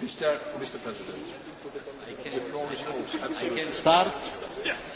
Mr. Mr. President, start.